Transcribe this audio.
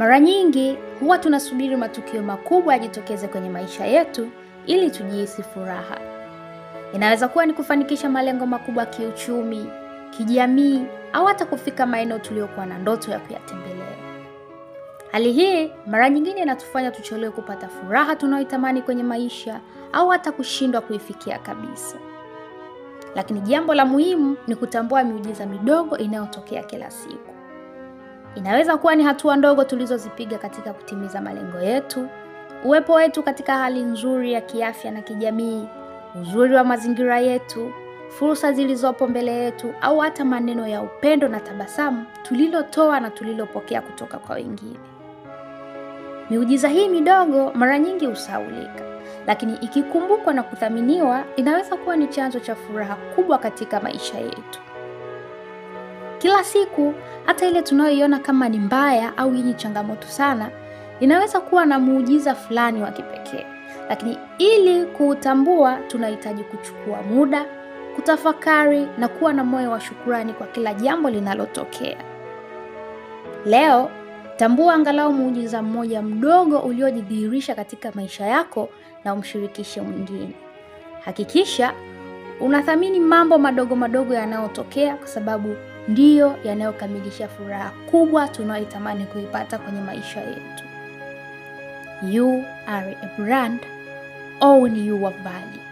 Mara nyingi huwa tunasubiri matukio makubwa yajitokeze kwenye maisha yetu ili tujihisi furaha. Inaweza kuwa ni kufanikisha malengo makubwa ya kiuchumi, kijamii au hata kufika maeneo tuliyokuwa na ndoto ya kuyatembelea. Hali hii mara nyingine inatufanya tuchelewe kupata furaha tunayoitamani kwenye maisha au hata kushindwa kuifikia kabisa. Lakini jambo la muhimu ni kutambua miujiza midogo inayotokea kila siku. Inaweza kuwa ni hatua ndogo tulizozipiga katika kutimiza malengo yetu, uwepo wetu katika hali nzuri ya kiafya na kijamii, uzuri wa mazingira yetu, fursa zilizopo mbele yetu, au hata maneno ya upendo na tabasamu tulilotoa na tulilopokea kutoka kwa wengine. Miujiza hii midogo mara nyingi husaulika lakini ikikumbukwa na kuthaminiwa, inaweza kuwa ni chanzo cha furaha kubwa katika maisha yetu. Kila siku hata ile tunayoiona kama ni mbaya au yenye changamoto sana inaweza kuwa na muujiza fulani wa kipekee, lakini ili kuutambua tunahitaji kuchukua muda, kutafakari na kuwa na moyo wa shukurani kwa kila jambo linalotokea. Leo tambua angalau muujiza mmoja mdogo uliojidhihirisha katika maisha yako na umshirikishe mwingine. Hakikisha unathamini mambo madogo madogo yanayotokea kwa sababu ndiyo yanayokamilisha furaha kubwa tunayoitamani kuipata kwenye maisha yetu. You are a brand, own your value.